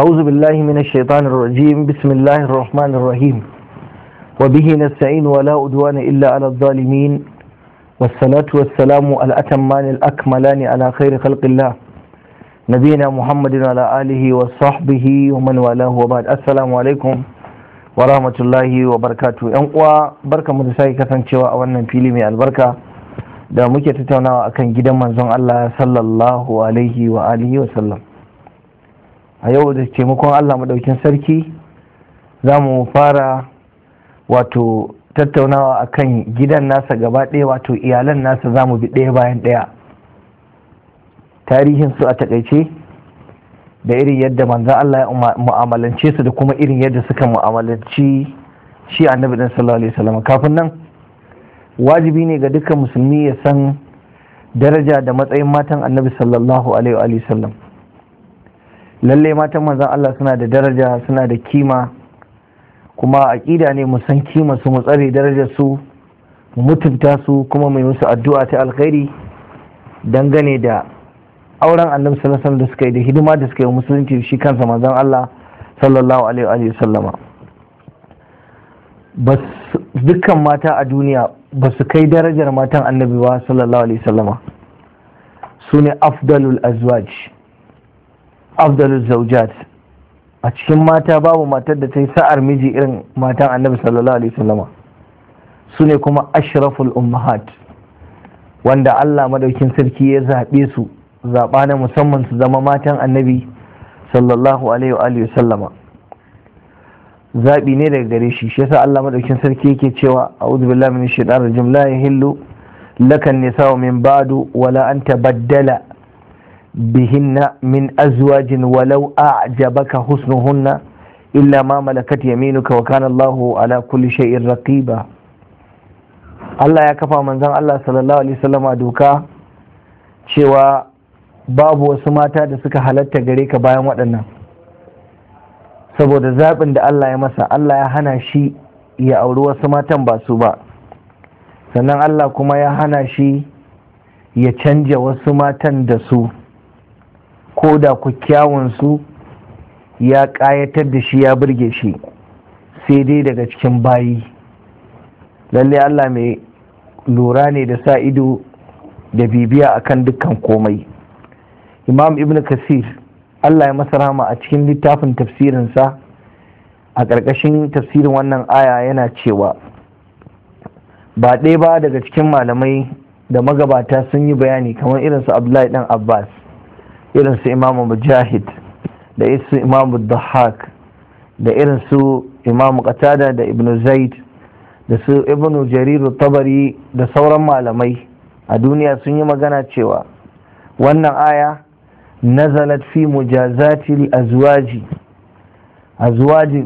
أعوذ بالله من الشيطان الرجيم بسم الله الرحمن الرحيم وبه نستعين ولا أدوان إلا على الظالمين والصلاة والسلام الأتمان الأكملان على خير خلق الله نبينا محمد وعلى آله وصحبه ومن والاه وبعد السلام عليكم ورحمة الله وبركاته أنقوى بركة مدسائي كثن شواء وانا في لمي البركة da muke tattaunawa akan gidan manzon Allah sallallahu alaihi wa alihi wa sallam a yau da taimakon allah maɗaukin sarki za mu fara wato tattaunawa a kan gidan nasa gaba ɗaya wato iyalan nasa za mu bi ɗaya bayan ɗaya Tarihin su a takaice da irin yadda manzan Allah ya mu'amalance su da kuma irin yadda suka mu'amalanci shi annabi ɗan sallallahu alaihi kafin nan wajibi ne ga dukkan musulmi ya san daraja da matsayin matan annabi sallallahu alaihi wasallam lalle matan manzan Allah suna da daraja suna da kima kuma aƙida ne mu san kima su mu tsare darajar su mu mutunta su kuma mai musu addu'a ta alkhairi dangane da auren annabi sallallahu alaihi da suka yi da hidima da suka yi musulunci shi kansa manzan Allah sallallahu alaihi wa sallama dukkan mata a duniya ba su kai darajar matan annabi wa sallallahu alaihi wa sallama Sune afdalul azwaj afdalu zaujat a cikin mata babu matar da ta yi sa'ar miji irin matan annabi sallallahu alaihi wasallama su ne kuma ashraful ummahat wanda Allah madaukin sarki ya zaɓe su zaɓa na musamman su zama matan annabi sallallahu alaihi wa sallama zaɓi ne daga gare shi shi yasa Allah madaukin sarki yake cewa a'udhu billahi minash shaitanir rajim la yahillu lakan nisa'u min ba'du wala an tabaddala bihinna min azwajin walau a'jabaka husnuhunna illa ma malakat yaminuka wa kana Allahu ala kulli shay'in raqiba Allah ya kafa manzan Allah sallallahu alaihi wasallam doka cewa babu wasu mata da suka halatta gare ka bayan waɗannan saboda zaɓin da Allah ya masa Allah ya hana shi ya auri wasu matan ba su ba sannan Allah kuma ya hana shi ya canja wasu matan da su ko da ku kyawunsu ya ƙayatar da shi ya burge shi sai dai daga cikin bayi lalle Allah mai lura ne da sa ido da bibiya a kan dukkan komai imam ibn kasir Allah ya masa rama a cikin littafin tafsirinsa a ƙarƙashin tafsirin wannan aya yana cewa ba ɗaya ba daga cikin malamai da magabata sun yi bayani kamar irinsu abdullahi dan abbas irin su imamu mujahid da irin su imamu dahak da irin su imamu qatada da ibn zaid da su ibn jarir tabari da sauran malamai a duniya sun yi magana cewa wannan aya nazalat fi mujazatil azwaji azwaji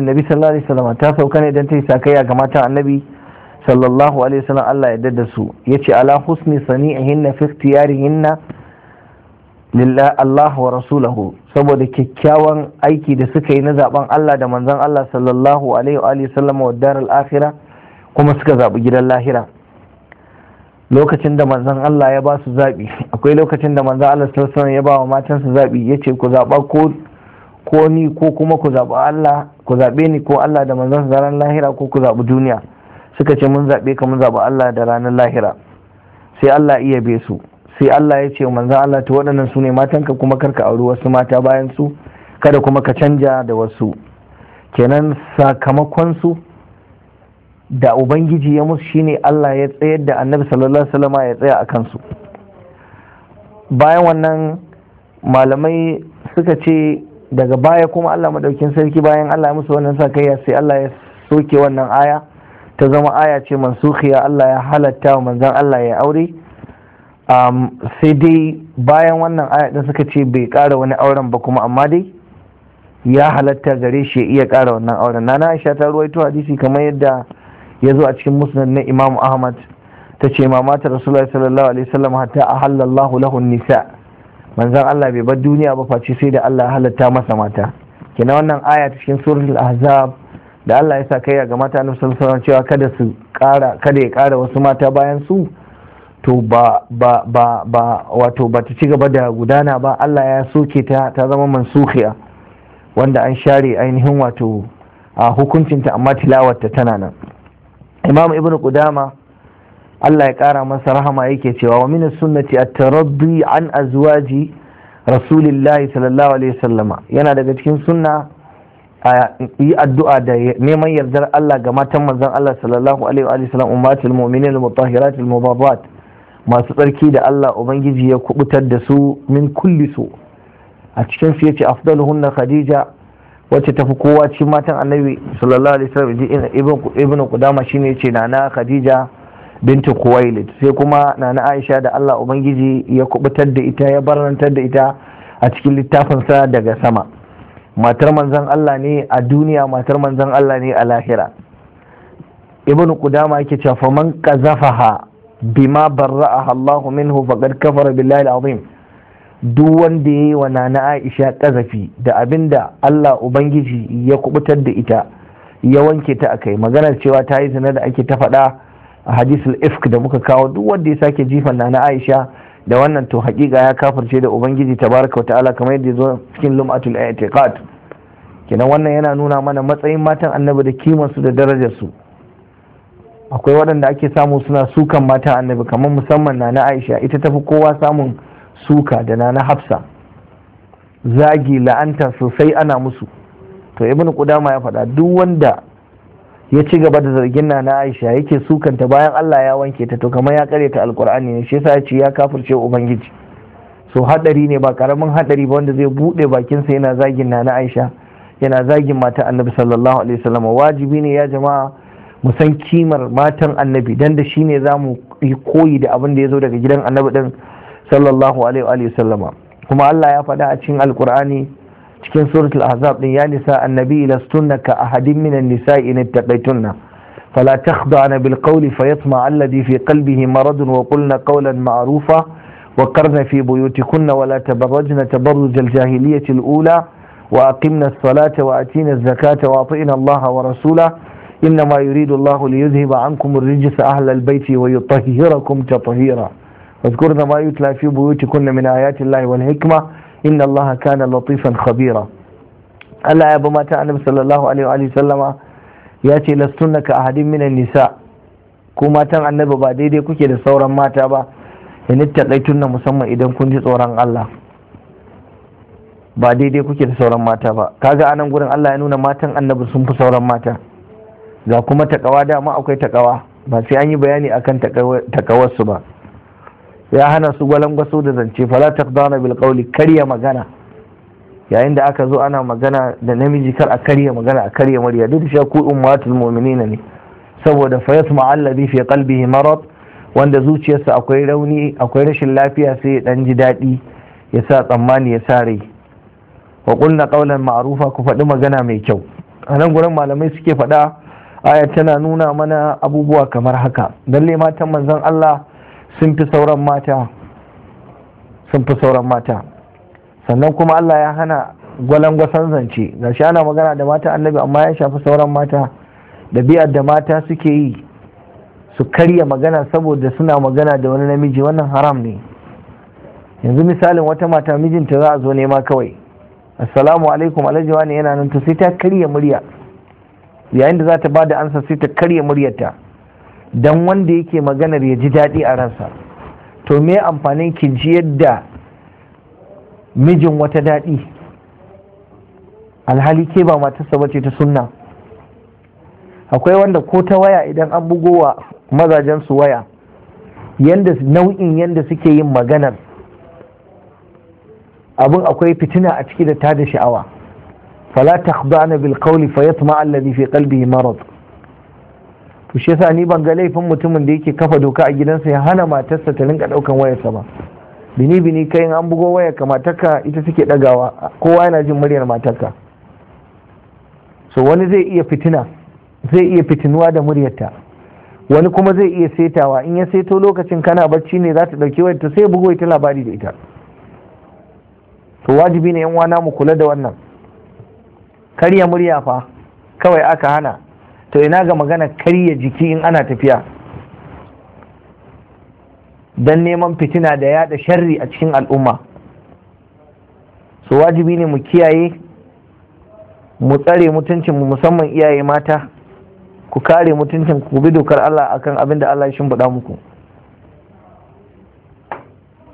li nabi sallallahu alaihi wasallam ta sauka ne don ta yi sakayya ga matan annabi sallallahu alaihi wasallam Allah ya dada su su yace ala husni sani'ihinna fi ikhtiyarihinna Lillahi Allah wa rasulahu saboda kyakkyawan aiki da suka yi na zaben Allah da manzon Allah sallallahu alaihi wa sallam wa daral akhirah kuma suka zabi gidan lahira lokacin da manzon Allah ya ba su zabi akwai lokacin da manzan Allah sallallahu ya ba wa matansa zabi yace ku zaba ko ni ko kuma ku zaɓi Allah ku zaɓe ni ko Allah da manzon da ranar lahira ko ku zaɓi duniya suka ce mun zaɓe ka mun zaɓi Allah da ranar lahira sai Allah iya be su sai Allah ya ce manzan Allah ta waɗannan su ne matanka kuma karka auri wasu mata bayan su kada kuma ka canja da wasu kenan sakamakon su da ubangiji ya musu shine Allah ya tsayar da annabi sallallahu alaihi wasallam ya tsaya a kansu bayan wannan malamai suka ce daga baya kuma Allah madaukin sarki bayan Allah ya musu wannan sakayya sai Allah ya soke wannan aya ta zama aya ce mansukhiya Allah ya halatta wa manzon Allah ya aure Um, sai dai bayan wannan ayatun suka ce bai kara wani auren ba kuma amma dai ya halatta gare shi ya iya kara wannan auren na na aisha ta ruwaito hadisi kamar yadda ya zo a cikin musnad na imam ahmad ta ce mama ta rasulullahi sallallahu alaihi wasallam hatta ahallallahu lahu nisa manzon Allah bai bar duniya ba face sai da Allah ya halatta masa mata kina wannan aya cikin suratul ahzab da Allah ya sa kai ga mata annabi sallallahu alaihi cewa kada su kada ya kara wasu mata bayan su to ba ba ba ba wato ba ta ci gaba da gudana ba Allah ya soke ta ta zama mansukhiya wanda an share ainihin wato a hukuncinta amma ta tana nan imam ibn qudama Allah ya kara masa rahama yake cewa wa min sunnati at-taraddi an azwaji Rasulullahi sallallahu alaihi wasallama yana daga cikin sunna a yi addu'a da neman yardar Allah ga matan manzon Allah sallallahu alaihi wa sallam ummatul mu'minin al-mutahhirat al masu tsarki da Allah Ubangiji ya kubutar da su min kulli su a cikin su yace afdaluhunna Khadija wacce tafi kowa cikin matan Annabi sallallahu alaihi wasallam ibn ibn Qudama shine yace nana Khadija Binta Khuwailid sai kuma nana Aisha da Allah Ubangiji ya kubutar da ita ya barantar da ita a cikin littafin sa daga sama matar manzon Allah ne a duniya matar manzon Allah ne a lahira ibn Qudama yake cewa faman qazafaha bima barra'aha Allah minhu faqad kafara billahi al duk wanda yayi wa nana Aisha ƙazafi da abinda Allah ubangiji ya kubutar da ita ya wanke ta a kai. maganar cewa ta yi zina da ake ta faɗa a hadisul ifk da muka kawo duk wanda ya sake jifan nana Aisha da wannan to hakika ya kafirce da ubangiji tabaraka ta'ala kamar yadda zo cikin lum'atul i'tiqad kenan wannan yana nuna mana matsayin matan annabi da kimansu da darajarsu akwai waɗanda ake samu suna sukan mata annabi kamar musamman na na aisha ita tafi kowa samun suka da na hafsa zagi la'anta sosai ana musu to ibn qudama ya faɗa duk wanda ya ci gaba da zargin na na aisha yake sukanta bayan allah ya wanke ta to kamar ya kare ta alkur'ani ne shi yasa ya ce ya kafirce ubangiji so hadari ne ba karamin hadari ba wanda zai buɗe bakinsa yana zagin na na aisha yana zagin mata annabi sallallahu alaihi wasallam wajibi ne ya jama'a musan kimar matan annabi dan da ne za mu yi koyi da abin da ya zo daga gidan annabi ɗin sallallahu alaihi wa sallama kuma Allah ya faɗa a cikin alkur'ani cikin suratul ahzab din ya nisa annabi lastunna ka ahadin minan nisa'i in taqaitunna fala takhda'na bil qawli fayatma alladhi fi qalbihi marad wa qulna qawlan ma'arufa wa qarna fi buyutikunna wa la tabarrajna tabarruj al jahiliyyah ula wa aqimna as-salata wa atina az-zakata wa atina wa rasula. إنما يريد الله ليذهب عنكم الرجس أهل البيت ويطهركم تطهيرا واذكرن ما يتلى في بيوتكن من آيات الله والحكمة إن الله كان لطيفا خبيرا ألا يا بما النبي صلى الله عليه وآله وسلم ياتي لستن كأحد من النساء كما تن النبي بعد daidai كوكي da sauran mata ba in ittaqaitunna musamman idan kun ji tsoron Allah ba daidai kuke da sauran mata ba kaga anan gurin Allah ya nuna matan annabi sun fi sauran mata ga kuma takawa dama akwai takawa ba sai an yi bayani akan takawarsu ba ya hana su gwalangwaso da zance fala taqdana bil qawli karya magana yayin da aka zo ana magana da namiji kar a karya magana a karya murya duk da shaku ummatul mu'minina ne saboda fa yasma alladhi fi qalbihi marad wanda zuciyarsa akwai rauni akwai rashin lafiya sai ya dan ji daɗi, ya sa tsammani ya sa rai wa qulna qawlan ma'rufa ku faɗi magana mai kyau a nan gurin malamai suke faɗa aya tana nuna mana abubuwa kamar haka lalle matan manzon Allah sun fi sauran mata sun fi sauran mata sannan kuma Allah ya hana gwalangwasan zance ga shi ana magana da mata annabi amma ya shafi sauran mata ɗabi'ar da mata suke yi su karya magana saboda suna magana da wani namiji wannan haram ne yanzu misalin wata mata mijinta za a zo nema kawai assalamu alaikum alhaji wani yana nan to sai ta karya murya yayin da za ta ba da ansa sai ta karya muryarta don wanda yake maganar ya ji daɗi a ransa to me amfanin ki ji yadda mijin wata daɗi alhali ke ba matarsa ba ce ta sunna akwai wanda ko ta waya idan an bugowa mazajen su waya yanda nau'in yanda suke yin maganar abin akwai fitina a ciki da tada sha'awa fala takhda'na bil qawli fayatma alladhi fi kalbi marad to shi yasa ni ban ga laifin mutumin da yake kafa doka a gidansa ya hana matarsa ta rinka daukan wayarsa ba bini bini kai an bugo waya ka matarka ita take dagawa kowa yana jin muryar matarka so wani zai iya fitina zai iya fitinuwa da muryarta wani kuma zai iya setawa in ya seto lokacin kana bacci ne za ta dauki wayar ta sai bugo ita labari da ita to wajibi ne yan mu kula da wannan karya murya fa kawai aka hana to ina ga magana karya jiki in ana tafiya don neman fitina da yada sharri a cikin al'umma su wajibi ne mu kiyaye mu tsare mutuncin mu musamman iyaye mata ku kare mutuncin ku bi dokar Allah akan abin da Allah ya shimfiɗa muku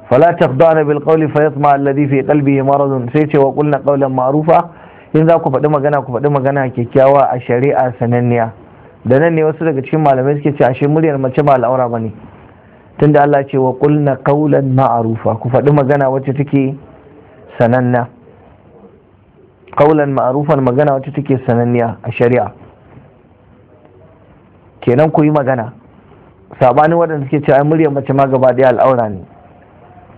fala taqdana bil qawli fa yatma alladhi fi qalbihi maradun sai ce wa qulna qawlan ma'rufa in za ku faɗi magana ku faɗi magana kyakkyawa a shari'a sananniya da nan ne wasu daga cikin malamai suke cewa ashe muryar mace ba al'aura bane tunda Allah ce wa qulna qawlan ma'rufa ku faɗi magana wacce take sananna qawlan ma'rufan magana wacce take sananniya a shari'a kenan ku yi magana sabanin waɗanda suke cewa muryar mace ma gaba ɗaya al'aura ne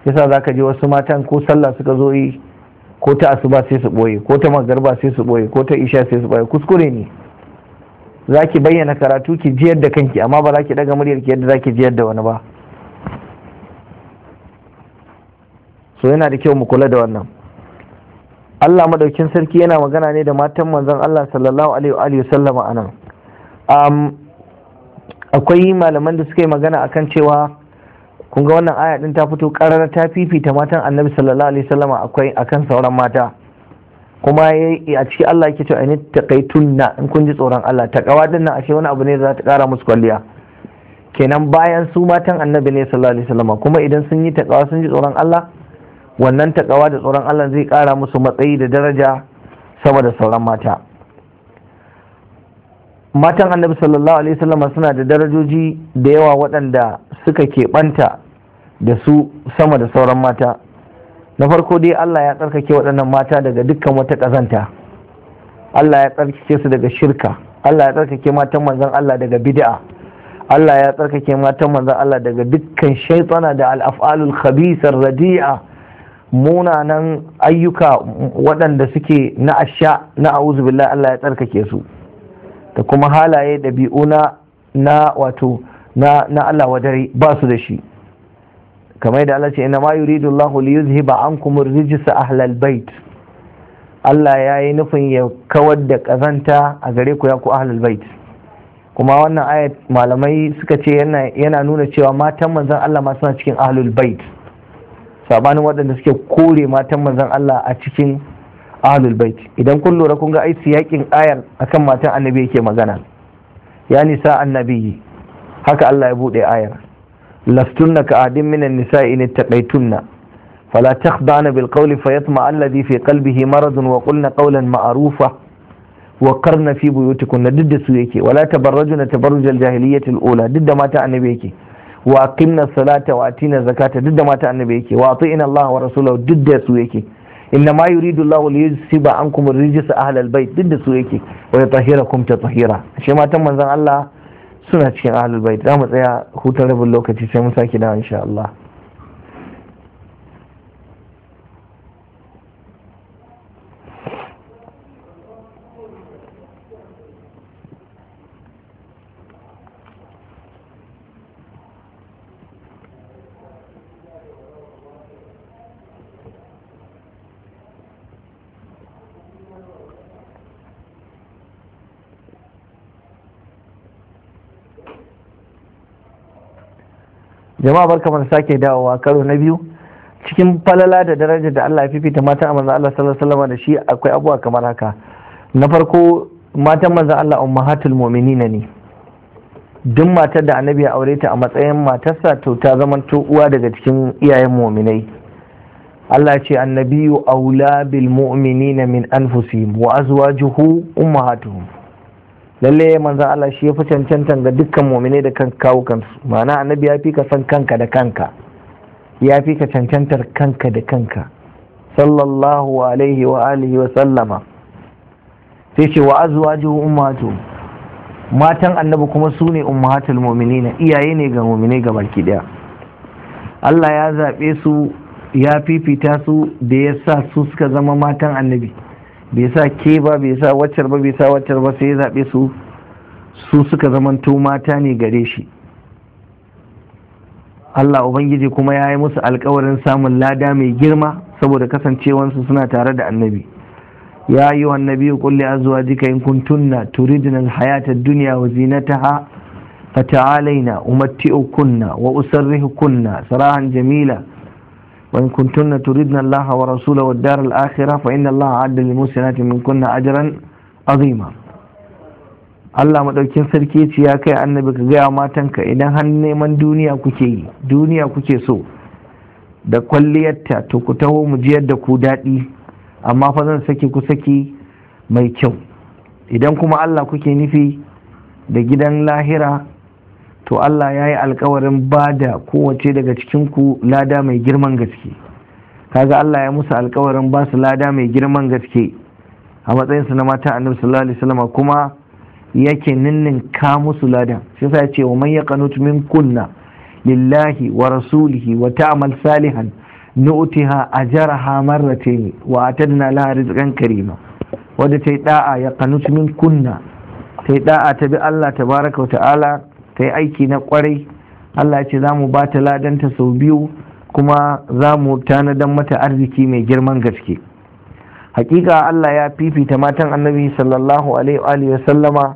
yasa zaka je wasu matan ko sallah suka zo yi ko ta asuba sai su ɓoye ko ta magarba sai su ɓoye ko ta isha sai su ɓoye kuskure ne za ki bayyana karatu ki jiyar da kanki amma ba za ki daga muryar ki yadda za ki jiyar da wani ba so yana da kyau mu kula da wannan Allah madaukin sarki yana magana ne da matan manzon Allah sallallahu alaihi wa sallama anan akwai malaman da suka yi magana akan cewa kun ga wannan aya din ta fito ƙarar ta fifita matan annabi sallallahu alaihi wasallam akwai akan sauran mata kuma a ciki Allah yake cewa ne taqaitunna in kun ji tsoron Allah Ta din nan ashe wani abu ne da za ta ƙara musu kwalliya kenan bayan su matan annabi ne sallallahu alaihi wasallam kuma idan sun yi taqawa sun ji tsoron Allah wannan taqawa da tsoron Allah zai ƙara musu matsayi da daraja sama da sauran mata matan annabi sallallahu alaihi wasallam suna da darajoji da yawa waɗanda suka keɓanta da su sama da sauran mata na farko dai Allah ya tsarkake waɗannan mata daga dukkan wata ƙazanta Allah ya tsarkake su daga shirka Allah ya tsarkake matan manzon Allah daga bid'a Allah ya tsarkake matan manzon Allah daga dukkan shaitsana da al'af'alul khabisar radi'a munanan ayyuka waɗanda suke na asha na a'udhu billahi Allah ya tsarkake su da kuma halaye ɗabi'u na na wato na Allah wadare ba su da shi kamar da Allah ce inna ma yuridu Allah li yuzhiba ankum rijsa ahlal bait Allah ya yi nufin ya kawar da kazanta a gare ku ya ku ahlal bait kuma wannan ayat malamai suka ce yana nuna cewa matan manzon Allah ma suna cikin ahlul bait sabanin waɗanda suke kore matan manzon Allah a cikin ahlul bait idan kun lura kun ga ai siyakin ayar akan matan annabi yake magana ya nisa annabi haka Allah ya buɗe ayar لستن كأحد من النساء إن اتقيتن فلا تخضعن بالقول فيطمع الذي في قلبه مرض وقلن قولا معروفا وقرن في بيوتكن ضد سويك ولا تبرجن تبرج الجاهلية الأولى ضد ما تعنبيك وأقمنا الصلاة وأتينا الزكاة ضد ما تعنبيك وأطئنا الله ورسوله ضد سويك إنما يريد الله ليجسب عنكم الرجس أهل البيت ضد سويك ويطهركم تطهيرا شيء ما تم الله suna cikin ahlul bait za mu tsaya hutun rabin lokaci sai mu sake dawo insha Allah jama'a barka mu sake dawowa karo na biyu cikin falala da daraja da Allah ya fifita matan manzon Allah sallallahu alaihi wasallam da shi akwai abuwa kamar haka na farko matan manzon Allah ummahatul mu'minina ne duk matar da annabi ya aure ta a matsayin matarsa to ta zamanto uwa daga cikin iyayen mu'minai Allah ya ce annabiyu aula bil mu'minina min anfusihim wa azwajuhu ummahatuhum lalle manzan Allah shi ya fi cancantan ga dukkan muminai da kan kawo kansu ma'ana annabi ya fi ka san kanka da kanka ya fi ka cancantar kanka da kanka sallallahu alaihi wa alihi wa sallama sai ce wa azwajuhu ummatu matan annabi kuma su ne ummatul mu'minina iyaye ne ga mu'minai ga baki daya Allah ya zaɓe su ya fifita su da ya sa su suka zama matan annabi bai sa ke ba bai sa waccar ba bai sa waccar ba sai ya zaɓe su su suka zamanto mata ne gare shi Allah Ubangiji kuma ya yi musu alkawarin samun lada mai girma saboda kasancewansu suna tare da annabi ya yi wa annabi kulle azuwa jika in kuntunna turidin hayata duniya wa zinataha fata'alaina umatti'ukunna wa usarrihukunna sarahan jamila وإن كنتن تريدن الله ورسوله والدار الآخرة فإن الله عد من كن أجرا عظيما Allah maɗaukin sarki ce ya kai annabi ka gaya ka. idan har neman duniya kuke yi duniya kuke so da kwalliyarta to ku taho mu ji yadda ku daɗi amma fa zan saki ku saki mai kyau idan kuma Allah kuke nufi da gidan lahira to Allah ya yi alkawarin ba da kowace daga cikinku lada mai girman gaske kaga Allah ya musu alkawarin ba su lada mai girman gaske a matsayinsu na mata annabi sallallahu alaihi wasallam kuma yake ka musu lada shi yace ce wa man yaqanut min kunna lillahi wa rasulihi wa ta'mal salihan nu'tiha ajraha marratayn wa atadna laha rizqan karima wanda ta yi da'a ya min kunna ta yi da'a ta bi Allah tabaraka wa ta'ala ta yi aiki na kwarai Allah ce za mu ba ta ladanta sau biyu kuma za mu tanadan mata arziki mai girman gaske hakika Allah ya fifita matan annabi sallallahu alaihi wa sallama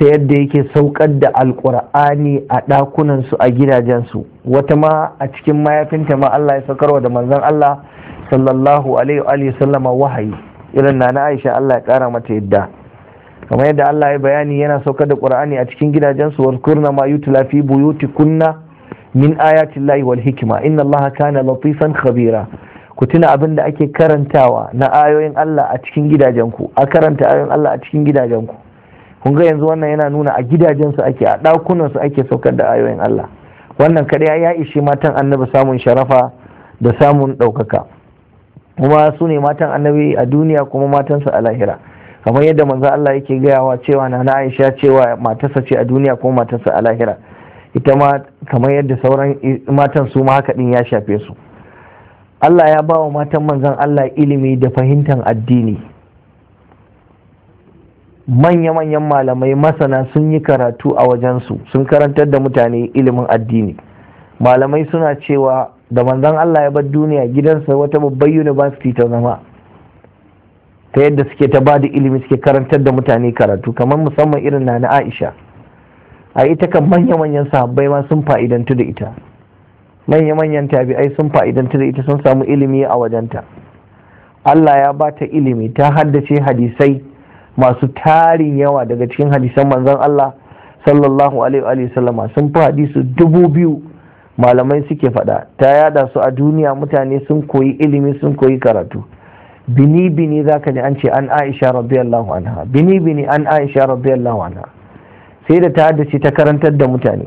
ta yadda yake saukar da alkur'ani a ɗakunansu a gidajensu wata ma a cikin mayafinta ma Allah ya saukarwa da manzon Allah sallallahu alaihi wa sallama wahayi irin na na Aisha Allah ya kara mata yadda kamar yadda Allah ya bayani yana saukar da Qur'ani a cikin gidajensu wasu ma yutla fi buyutikunna min ayati llahi wal hikma inna allaha kana latifan khabira ku tuna abin da ake karantawa na ayoyin Allah a cikin gidajenku a karanta ayoyin Allah a cikin gidajenku kun ga yanzu wannan yana nuna a gidajensu ake a ɗakunansu ake saukar da ayoyin Allah wannan kadai ya ishe matan annabi samun sharafa da samun ɗaukaka kuma su ne matan annabi a duniya kuma matansa a lahira kamar yadda manzo Allah yake gayawa cewa na Aisha cewa matarsa ce a duniya ko matarsa a lahira ita ma kamar yadda sauran matan su ma haka din ya shafe su Allah ya ba wa matan manzon Allah ilimi da fahimtar addini manya-manyan malamai masana sun yi karatu a wajensu sun karantar da mutane ilimin addini malamai suna cewa da manzon Allah ya bar duniya gidansa wata babbar university ta zama ta yadda suke ta bada ilimi suke karantar da mutane karatu kamar musamman irin na Aisha a ita kan manya-manyan sahabbai ma sun fa'idantu da ita manya-manyan tabi'ai sun fa'idantu da ita sun samu ilimi a wajenta Allah ya ba ta ilimi ta haddace hadisai masu tarin yawa daga cikin hadisan manzon Allah sallallahu alaihi wa sallama sun fi hadisu dubu biyu malamai suke faɗa ta yada su a duniya mutane sun koyi ilimi sun koyi karatu bini bini zaka ji an ce an Aisha radiyallahu anha bini bini an Aisha radiyallahu anha sai da ta haddace ta karantar da mutane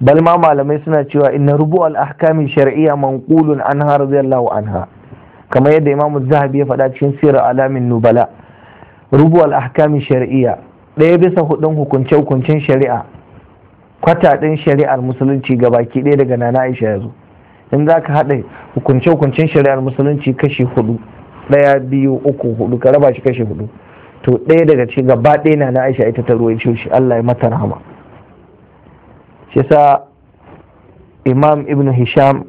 bal ma malamai suna cewa inna rubu al ahkami shar'iyya manqulun anha radiyallahu anha kamar yadda imamu zahabi ya faɗa cikin sirar alamin nubala rubu al ahkami shar'iyya ɗaya bisa hudun hukunce hukuncen shari'a kwata ɗin shari'ar musulunci ga baki ɗaya daga nana aisha yazo in za ka haɗa hukunce hukuncen shari'ar musulunci kashi hudu ɗaya biyu uku hudu ka raba shi kashe hudu to ɗaya daga cikin gaba ɗaya na na aisha ita ta ruwan shi Allah ya mata rahama shi sa imam ibn hisham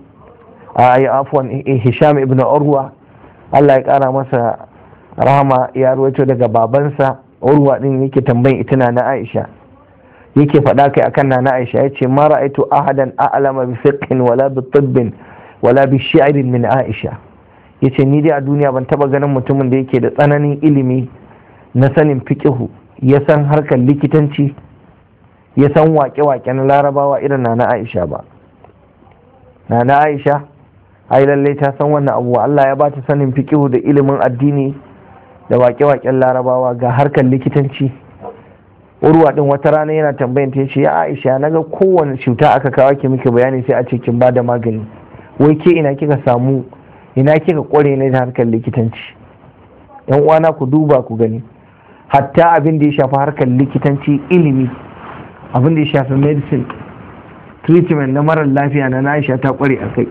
a yi afwan eh, eh, hisham ibn urwa Allah ya kara masa rahama ya ruwaito daga babansa urwa din yake tambayin ita na aisha yake faɗa kai akan na aisha ya ce mara aitu ahadan a'lama bi fiqhin wala bi tibbin wala bi shi'rin min aisha ya ce ni dai a duniya ban taba ganin mutumin da yake da tsananin ilimi na sanin fiƙihu ya san harkar likitanci ya san wake-wake na larabawa irin na na aisha ba na na aisha ai lallai ta san wannan abuwa allah ya ba ta sanin fiƙihu da ilimin addini da wake-waken larabawa ga harkar likitanci urwa din wata rana yana tambayin ta ce ya aisha na ga kowane cuta aka kawo ki miki bayani sai a cikin kin ba da magani wai ke ina kika samu ina kika kware na da harkar likitanci yan uwana ku duba ku gani hatta abin da ya shafi harkar likitanci ilimi abin da ya shafi medicine treatment na marar lafiya na Aisha ta kware a kai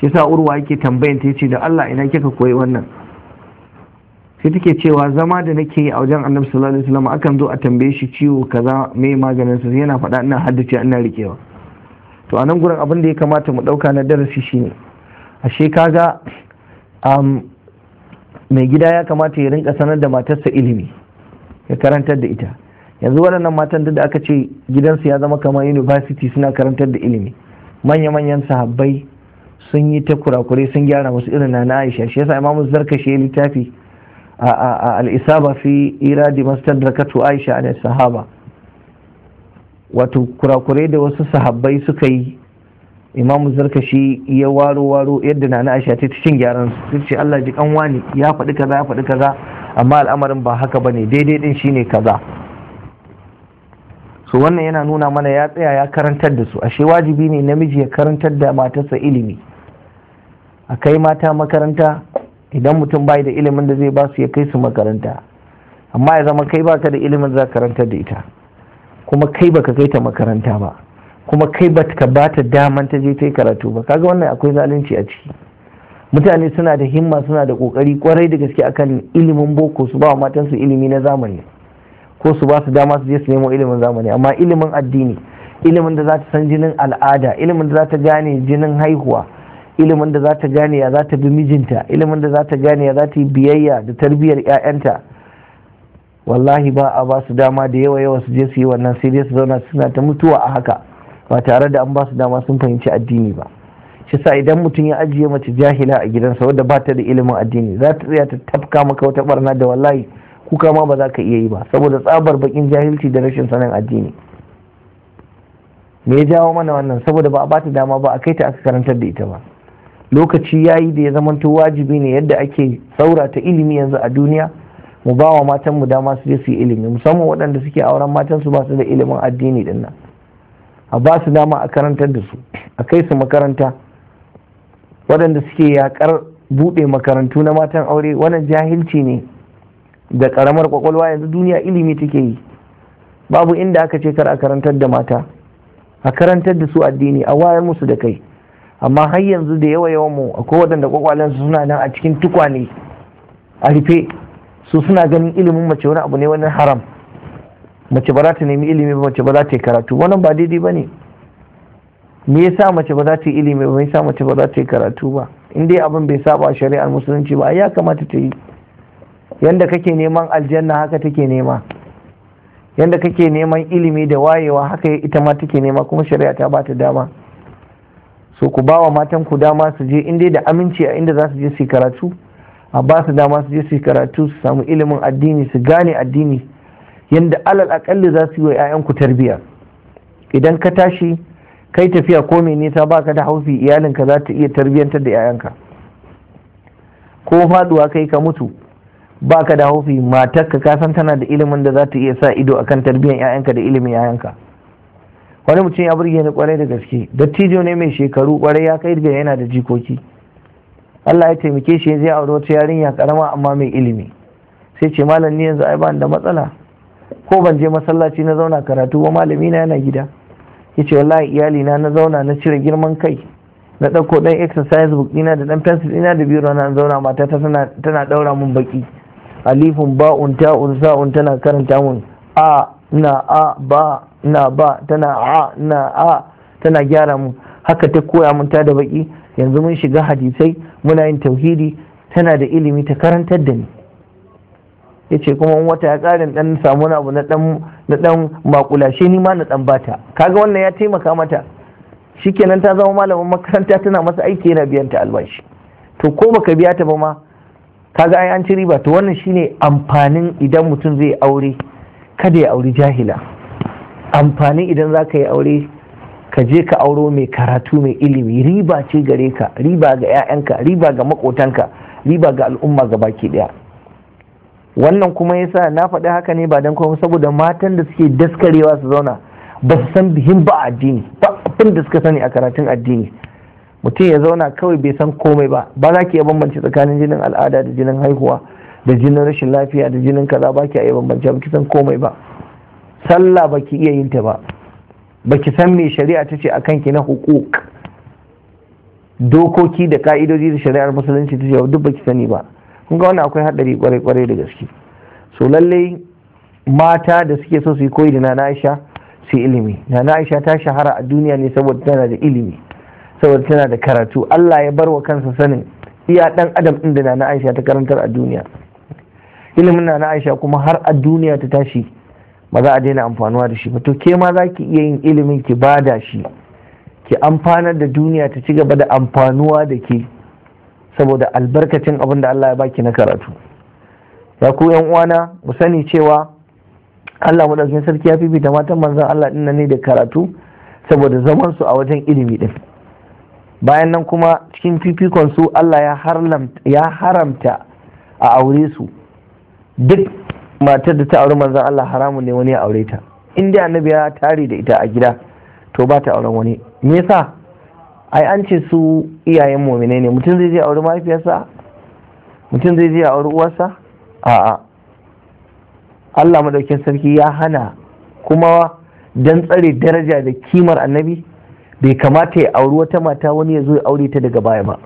shi sa urwa yake tambayan ta yace da Allah ina kika koyi wannan sai take cewa zama da nake yi a wajen Annabi sallallahu alaihi wasallam akan zo a tambaye shi ciwo kaza me maganin sa yana faɗa ina haddace ina rikewa to a nan gurin abin da ya kamata mu ɗauka na darasi shine ashe kaga um, mai gida ya kamata ya rinka sanar da matarsa ilimi ya karantar da ita yanzu waɗannan matan da aka ce gidansu ya zama kamar university suna karantar da ilimi manya-manyan sahabbai sun yi ta kurakurai sun gyara masu irin na aisha shi yasa imamu zarkashe littafi a al'isaba fi iradi rakatu aisha ne sahaba wato kurakurai da wasu sahabbai suka yi imamu zarkashi ya waro waro yadda na na ta cin gyaran su ce Allah ji kanwa ne ya faɗi kaza ya faɗi kaza amma al'amarin ba haka bane daidai din ne kaza Su wannan yana nuna mana ya tsaya ya karantar da su ashe wajibi ne namiji ya karantar da matarsa ilimi a kai mata makaranta idan mutum bai da ilimin da zai ba su ya kai su makaranta amma ya zama kai baka da ilimin za karantar da ita kuma kai baka kai ta makaranta ba kuma kai ba ka ba ta daman ta je ta yi karatu ba kaga wannan akwai zalunci a ciki mutane suna da himma suna da kokari kwarai da gaske akan ilimin boko su ba wa matansu ilimi na zamani ko su ba su dama su je su nemo ilimin zamani amma ilimin addini ilimin da za ta san jinin al'ada ilimin da za ta gane jinin haihuwa ilimin da za ta gane ya za ta bi mijinta ilimin da za ta gane ya za ta yi biyayya da tarbiyyar 'ya'yanta wallahi ba a ba su dama da yawa yawa su je su yi wannan sai dai su zauna suna ta mutuwa a haka ba tare da an ba su dama sun fahimci addini ba shi sa idan mutum ya ajiye mace jahila a gidansa wadda ba ta da ilimin addini za ta tsaya ta tafka maka wata barna da wallahi kuka ma ba za ka iya yi ba saboda tsabar bakin jahilci da rashin sanin addini me ya jawo mana wannan saboda ba a bata dama ba a kai ta aka karantar da ita ba lokaci ya yi da ya zamanto wajibi ne yadda ake saura ta ilimi yanzu a duniya mu ba wa matanmu dama su je su yi ilimi musamman waɗanda suke auren matansu ba su da ilimin addini dinnan. a ba su dama a karantar da su a kai su makaranta waɗanda suke yaƙar buɗe makarantu na matan aure wannan jahilci ne da ƙaramar ƙwaƙwalwa yanzu duniya ilimi take yi babu inda aka ce kar a karantar da mata a karantar da su addini a wayar musu da kai amma har yanzu da yawa yawan mu akwai waɗanda ƙwaƙwalensu suna nan a cikin tukwane a rufe su suna ganin ilimin mace wani abu ne wani haram mace ba za ta nemi ilimi ba mace ba za ta yi karatu wannan ba daidai ba ne me yasa mace ba za ta yi ilimi ba me yasa mace ba za ta yi karatu ba in dai abin bai saba shari'ar musulunci ba ya kamata ta yi yanda kake neman aljanna haka take nema yanda kake neman ilimi da wayewa haka ita ma take nema kuma shari'a ta bata dama so ku bawa matan ku dama su je inda da aminci a inda za su je su karatu a ba su dama su je su karatu su samu ilimin addini su gane addini yadda alal akalli za su yi wa 'ya'yanku tarbiyya idan ka tashi kai tafiya ko mai nisa baka da haufi iyalinka za ta iya tarbiyyantar da 'ya'yanka ko faduwa kai ka mutu baka da haufi matarka ka san tana da ilimin da za ta iya sa ido akan tarbiyyar 'ya'yanka da ilimin 'ya'yanka wani mutum ya burge ni kwarai da gaske dattijo ne mai shekaru kwarai ya kai ga yana da jikoki Allah ya taimake shi ya zai aure wata yarinya karama amma mai ilimi sai ce malam ni yanzu ai ba da matsala ko ban je masallaci na zauna karatu ba malami na yana gida Ya ce wallahi iyali na na zauna na cire girman kai na ɗauko ɗan exercise book ɗina da ɗan pencil ɗina da biro na zauna mata ta tana ɗaura mun baki alifun un sa un tana karanta mun a na a ba na ba tana a na a tana gyara mu haka ta koya mun ta da baki yanzu mun shiga hadisai muna yin tauhidi tana da ilimi ta karantar da ni ya ce kuma wata ya karin ɗan samu wani abu na ɗan makulashe ni ma na ɗan bata kaga wannan ya taimaka mata shikenan ta zama malamin makaranta tana masa aiki yana biyan ta albashi to ko baka biya ta ba ma kaga ai an ci riba to wannan shine amfanin idan mutum zai aure kada ya aure jahila amfanin idan za ka yi aure ka je ka auro mai karatu mai ilimi riba ce gare ka riba ga 'ya'yanka riba ga makotanka riba ga al'umma ga baki daya wannan kuma yasa na faɗi haka ne ba don kuma saboda matan da suke daskarewa su zauna ba su san bihin ba addini ba abin da suka sani a karatun addini mutum ya zauna kawai bai san komai ba ba za ki iya bambance tsakanin jinin al'ada da jinin haihuwa da jinin rashin lafiya da jinin kaza ba ki iya bambance ba ki san komai ba sallah ba ki iya yin ta ba ba ki san me shari'a ta ce a kanki na hukuk dokoki da ka'idoji da shari'ar musulunci ta ce duk ba ki sani ba kun ga wannan akwai haɗari kwarai-kwarai da gaske so lallai mata da suke so su yi koyi da na aisha su ilimi nana aisha ta shahara a duniya ne saboda tana da ilimi saboda tana da karatu allah ya bar wa kansa sanin iya dan adam ɗin da nana aisha ta karantar a duniya ilimin nana aisha kuma har a duniya ta tashi ba za a daina amfanuwa da shi ba to ke ma za ki iya yin ilimin ki bada shi ki amfanar da duniya ta ci gaba da amfanuwa da ke saboda albarkacin abin da Allah ya baki na karatu ya ku yan uwana mu sani cewa Allah madaukakin sarki ya fifita matan manzon Allah din ne da karatu saboda zaman su a wajen ilimi din bayan nan kuma cikin fifikonsu su Allah ya haramta a aure su duk matar da ta auri manzon Allah haramun ne wani ya aure ta in da annabi ya tare da ita a gida to ba ta auren wani me yasa ai an ce su iyayen muminai ne mutum zai je auri mahaifiyarsa mutum zai je auri uwarsa a'a Allah madaukin sarki ya hana kuma dan tsare daraja da kimar annabi bai kamata ya auri wata mata wani ya zo ya aure ta daga baya ba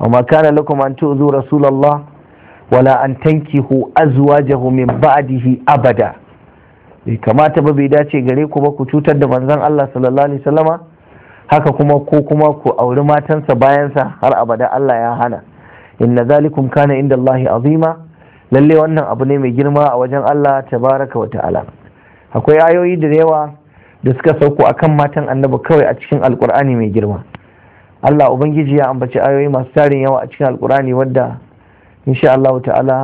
amma kana lakum an tu'zu rasulullah wala an tankihu azwajahu min ba'dihi abada bai kamata ba bai dace gare ku ba ku cutar da manzon Allah sallallahu alaihi wasallama haka kuma ko kuma ku auri matansa bayansa har abada Allah ya hana inna zalikum kana inda Allah azima lalle wannan abu ne mai girma a wajen Allah tabaraka wa ta'ala akwai ayoyi da yawa da suka sauko akan matan annabi kawai a cikin alkur'ani mai girma Allah ubangiji ya ambaci ayoyi masu tarin yawa a cikin alkur'ani wadda insha Allah ta'ala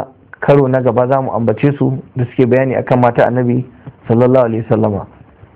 karo na gaba za mu ambace su da suke bayani akan mata annabi sallallahu alaihi wasallama